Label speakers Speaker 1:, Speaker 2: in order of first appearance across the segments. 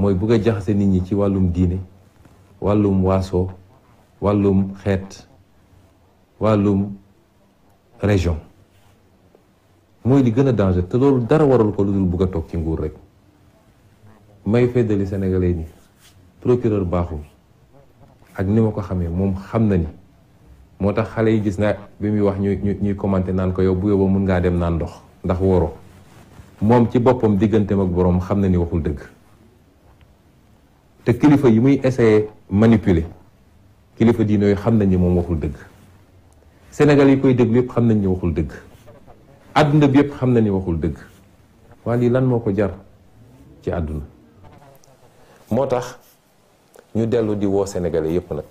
Speaker 1: mooy bugg a jaxase nit ñi ci wàllum diine wàllum waaso wàllum xeet wàllum région mooy li gën a danger te loolu dara waral ko lu dul bugg a toog ci nguur rek may feddali sénégalais ni procureur baaxul ak ni ma ko xamee moom xam na ni moo tax xale yi gis naa bi muy wax ñuy ñuy commenté naan ko yow bu yóbbu mun ngaa dem naan ndox ndax woro moom ci boppam diggante ak boroom xam na ni waxul dëgg kilifa yi muy essayer manipuler kilifa diine yooyu xam nañ ne moom waxul dëgg Sénégal yi koy déglu yëpp xam nañ ne waxul dëgg àdduna bi yëpp xam nañ ne waxul dëgg waa lii lan moo ko jar ci àdduna moo tax ñu dellu di woo Sénégalais yëpp nag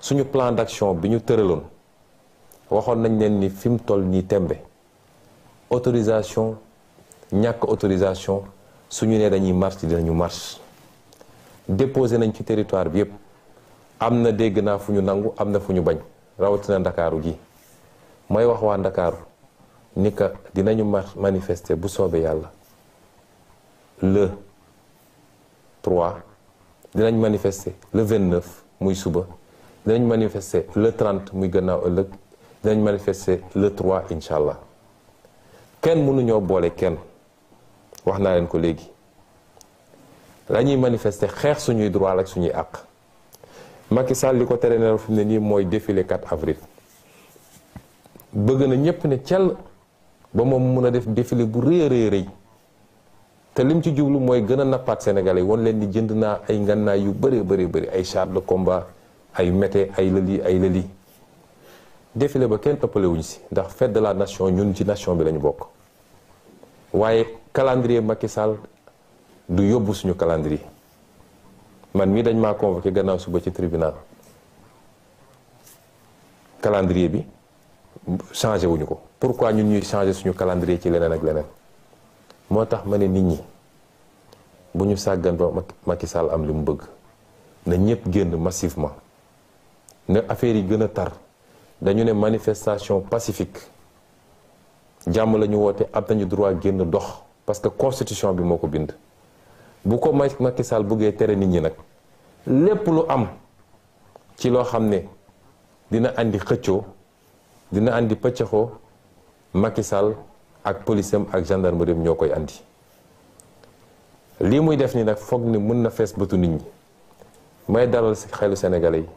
Speaker 1: suñu plan d'action bi ñu tëraloon waxoon nañ leen ni fi mu toll nii tembe autorisation ñàkk autorisation suñu nee dañuy marche dinañu marche déposé nañ ci territoire bi yëpp am na dégg naa fu ñu nangu am na fu ñu bañ rawatina ndakaaru gi may wax waa ndakaaru ni ka dinañu manifester bu soobee yàlla le 3 dinañ manifester le 29 muy suba dinañ manifester le 30 muy gannaaw ëllëg dinañ manifester le 3 incha allah kenn mënuñoo boole kenn wax naa leen ko léegi. la ñuy manifester xeex suñuy droit ak suñuy àq Macky li ko tere ne fi mu ne nii mooy défilé 4 avril bëgg na ñëpp ne cell ba moom mun a def défilé bu rëy rëy rëy te lim ci jublu mooy gën a nappaat Sénégalais won leen ni jënd naa ay ngannaay yu bëree bëri bëri ay char de combat ay mété ay lëli ay lëli défilé ba kenn toppale si ndax fête de la nation ñun ci nation bi lañu bokk waaye calendrier Macky du yóbbu suñu calendrier man mii dañ maa convoqué gannaaw suba ci tribunal calendrier bi changé wuñu ko pourquoi ñu ñuy changé suñu calendrier ci leneen ak leneen moo tax ma ne nit ñi bu ñu sàggan ba Macky Sall am lu mu bëgg na ñëpp génn massivement na affaire yi gën a tar dañu ne manifestation pacifique jàmm lañu ñu woote am nañu droit génn dox parce que constitution bi moo ko bind bu ko Macky Sall buggee tere nit ñi nag lépp lu am ci loo xam ne dina indi xëccoo dina indi pëccëxoo Macky Sall ak polisam ak gendarmerie ñoo koy indi lii muy def ni nag foog ni mën na fees bëtu nit ñi may dalal si xelu Sénégalais yi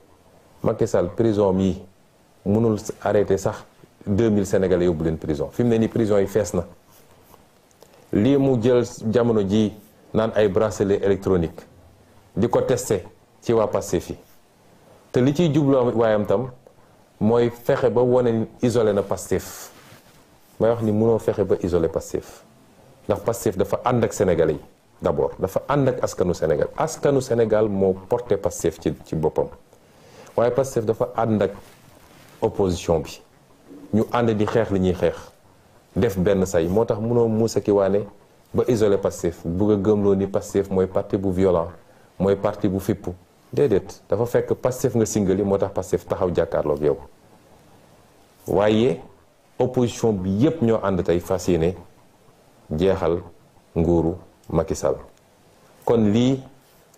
Speaker 1: Macky Sall prison yi mënul arrêté sax 2000 Sénégalais yóbbu leen prison fi ne nii prison yi fees na lii mu jël jamono ji naan ay bracelet électronique di ko testé ci waa Pastef yi te li ciy jublu waayam tam mooy fexe ba wane isolé na Pastef may wax ni mënoo fexe ba isolé Pastef ndax Pastef dafa ànd ak Sénégalais yi d'abord dafa ànd ak askanu Sénégal askanu Sénégal moo porté Pastef ci ci boppam waaye Pastef dafa ànd ak opposition bi ñu ànd di xeex li ñuy xeex def benn say moo tax mënoo muusa ki waane ba isolé Pastef bugg gëmloon ni Pastef mooy parti bu violent mooy parti bu fippu déedéet dafa fekk Pastef nga singali moo tax Pastef taxaw jàkkaarloog yow waaye opposition bi yépp ñoo ànd tey fas yéene jeexal nguuru makisal kon lii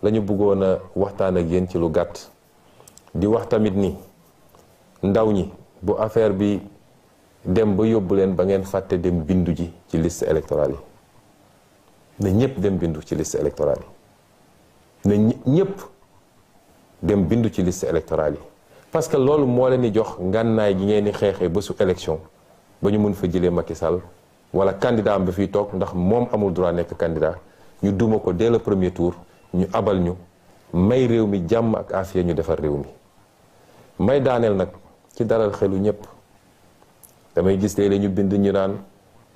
Speaker 1: la ñu bëggoon a waxtaan ak yéen ci lu gàtt di wax tamit ni ndaw ñi bu affaire bi dem ba yóbbu leen ba ngeen fàtte dem bindu ji ci liste électorale yi na ñëpp dem bindu ci liste électorale yi na ñëpp dem bindu ci liste électorale yi parce que loolu moo leen di jox ngànnaay gi ngeen di xeexee ba su élection ba ñu mun fa jëlee Macky Sall wala candidat ba fi toog ndax moom amul droit nekk candidat ñu duma ko dès le premier tour ñu abal ñu may réew mi jàmm ak afiya ñu defar réew mi may daaneel nag ci dalal xelu ñëpp damay gis léeg-léeg ñu bind ñu naan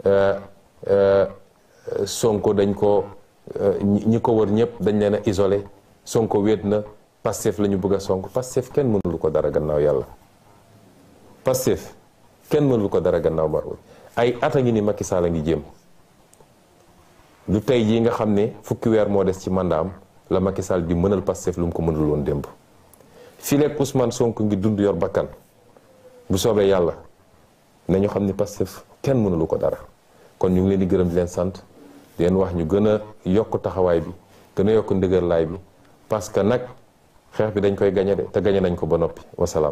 Speaker 1: euh, euh, Sonko dañ ko euh, ñi ko wër ñëpp dañ leen a isole Sonko wéet na Pastef la ñu bëgg a sonk Pastef kenn mënulu ko dara gannaaw yàlla Pastef kenn mënulu ko dara gannaaw mar ay at a ngi ni Macky a ngi jéem lu tey jii nga xam ne fukki weer moo des ci mandaam la Macky Sall di mënal Pastef lu mu ko mënul woon démb fileeg Ousmane sonk ngi dund yor bakkan bu soobee yàlla nañu xam ni Pastef kenn mënulu ko dara kon ñu ngi leen di gërëm leen sant di leen wax ñu gën a yokk taxawaay bi gën a yokk ndëgërlaay bi parce que nag xeex bi dañ koy gañe de te gañe nañ ko ba noppi wasalaam.